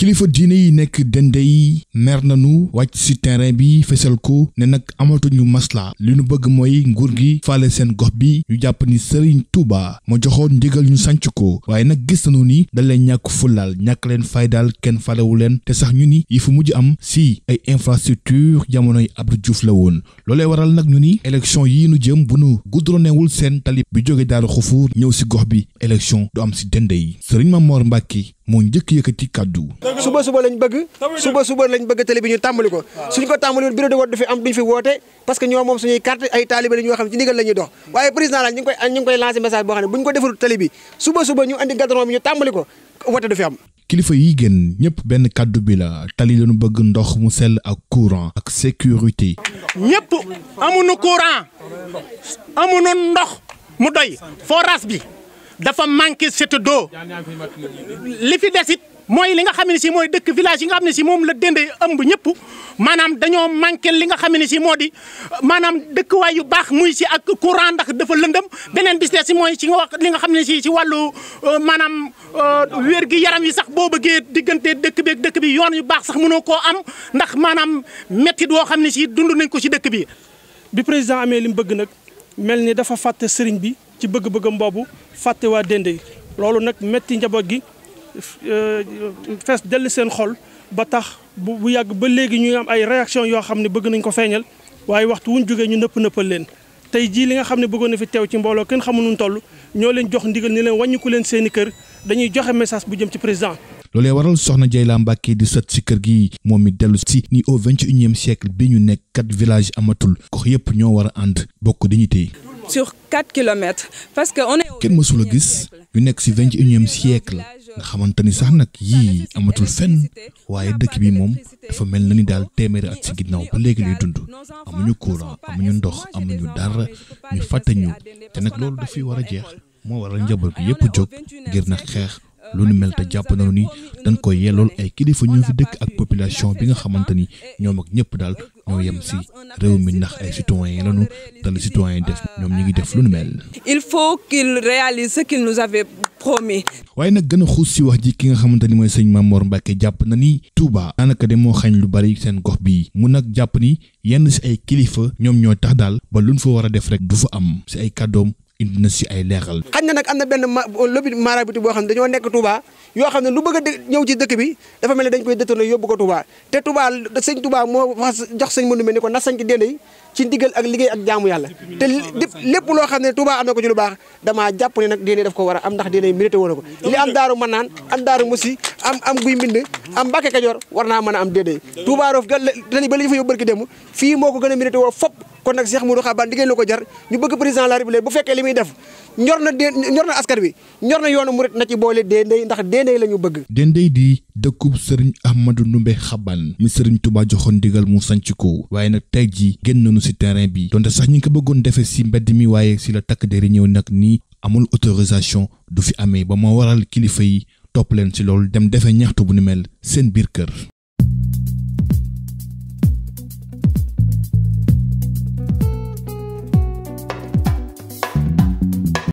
kilifa diine yi nekk dende yi mer nañu wàcc ci terrain bi fësal ko ne nag amatuñu masla li nu bëgg mooy nguur gi fale seen gox bi ñu jàpp ni Serigne Touba ma joxoon ndigal ñu sànc ko waaye nag gis nañu ni dañ ñàkk fullaal ñàkk leen faydaal kenn falewu leen te sax ñu ni yi fu mujj am si ay infrastructure jamonoy Abdou Diouf la woon loolee waral nag ñu ni élection yii nu jëm bu nu goudronewul seen talib bi jóge daaru xufuur ñëw ci gox bi élection du am ci dende yi Serigne Mamor Mbacke moo njëkk yëkkati kàddu. suba suba lañ bëgg suba suba lañ bëgg télé bi ñu tàmbali ko suñ ko tàmbali woon bureau de vote du fi am duñ fi woote parce que moom suñuy carte ay taalibe la ñoo dox waaye président la ñu ngi koy ñu message boo xam ne bu ñu ko deful télé bi suba suba ñu andi gadron bi ñu tàmbali ko woote du fi am kilifa yi gën ñëpp benn kàddu bi la tali lañu bëgg ndox mu sell ak courant ak sécurité ñëpp amuñu courant amuñu ndox mu doy forage bi dafa manqué cette doo li fi desit mooy li nga xam ne si mooy dëkk village yi nga xam ne si moom la dende ëmb ñëpp maanaam dañoo manqué li nga xam ne si moo di maanaam dëkkuwaay yu baax muy si ak courant ndax dafa lëndëm beneen bis si mooy si wax li nga xam ne si si wàllu euh, maanaam euh, wér gi yaram wi sax boo bëggee diggante dëkk bi ak dëkk bi yoon yu baax sax mënoo koo am ndax maanaam métti woo xam ne si dund nañ ko si dëkk bi. bi président amee li mu bëgg nag mel ni dafa fàtte sëriñ bi. ci bëgg bëgg mboobu fàtte waa Dendey loolu nag metti njaboot gi euh, fees dell seen xol ba tax bu bu yàgg ba léegi ñu am ay réaction yoo xam ne bëgg nañ ko feeñal waaye waxtu wuñ jógee ñu nëpp nëppal leen tey jii li nga xam ne bëggoon na fi teew ci mbooloo kenn xamu nu toll ñoo leen jox ndigal ni leen wàññiku leen seen i kër dañuy joxe message bu jëm ci président loolee waral soxna laa Mbacke di sët si kër gi moom i dellu si ni au vingt et unième bi ñu nekk kat village amatul yëpp ñoo war a ànd bokk dañuy téye sur 4 kilomètres parce que on kenn mësula gis yu nekk ci vingt et unième la nga xamante ni sax nag yii amatul fenn waaye dëkk bi moom dafa mel na ni daal téeméeri at ci ginnaaw ba léegi lay dund amuñu courant amuñu ndox amuñu dara ñu fàtte ñu te nag loolu dafay war a jeex moo waral njaboot bi yépp jóg ngir na xeex. lu mel te jàpp nañu ni dañ koy yellool ay kilifa ñoo fi dëkk ak population bi nga xamante ni ñoom ak ñëpp daal ñoo yem si réew mi ndax ay citoyen lañu te les citoyens def ñoom ñu ngi def lu nu mel. il faut qu'il réalise ce qu'il nous avait promis. waaye nag gën a xuus si wax ji ki nga xamante ni mooy sëñ Mamor Mbacke jàpp na ni Touba daanaka de moo xañ lu bari seen gox bii mu nag jàpp ni yenn si ay kilifa ñoom ñoo tax daal ba luñ fa war a def rek du fa am si ay kàddoom. indi na nag am na benn ma lobby marabout boo xam ne dañoo nekk Touba yoo xam ne lu bëgg a ñëw ci dëkk bi dafa mel ne dañ koy détourné yóbbu ko Touba te Touba sëñ Touba moo wax jox sëñ mënu mel ne ko na sañ ci dende yi ak liggéey ak jaamu yàlla te lépp loo xam ne Touba am na ko ci lu baax damaa jàpp ne nag diine daf ko war a am ndax diine mérité woon na ko li am daaru mën naan am daaru musi am am guy mbind am Mbàkke Kajoor war naa mën a am déedéey Touba roof tali ba la ñu fa barki dem fii moo ko gën a mérité woo kon nag Cheikh Modou Xaban liggéey la ko jar ñu bëgg président la République bu fekkee li muy def ñor na dé ñor na askan wi ñor na yoonu murit na ci boole déndey ndax déndey la ñu bëgg déndey di dëkku sëriñ Ahmadou Ndoumbé Xaban mi sëriñ Touba joxoon ndigal mu sanc ko waaye nag tey ji génn nañu si terrain bi donte sax ñu ngi ko bëggoon defe si mbedd mi waaye si la takk deri ñëw nag nii amul autorisation du fi amee ba ma waral kilifa yi topp leen si loolu dem defee ñaxtu bu ni mel seen biir kër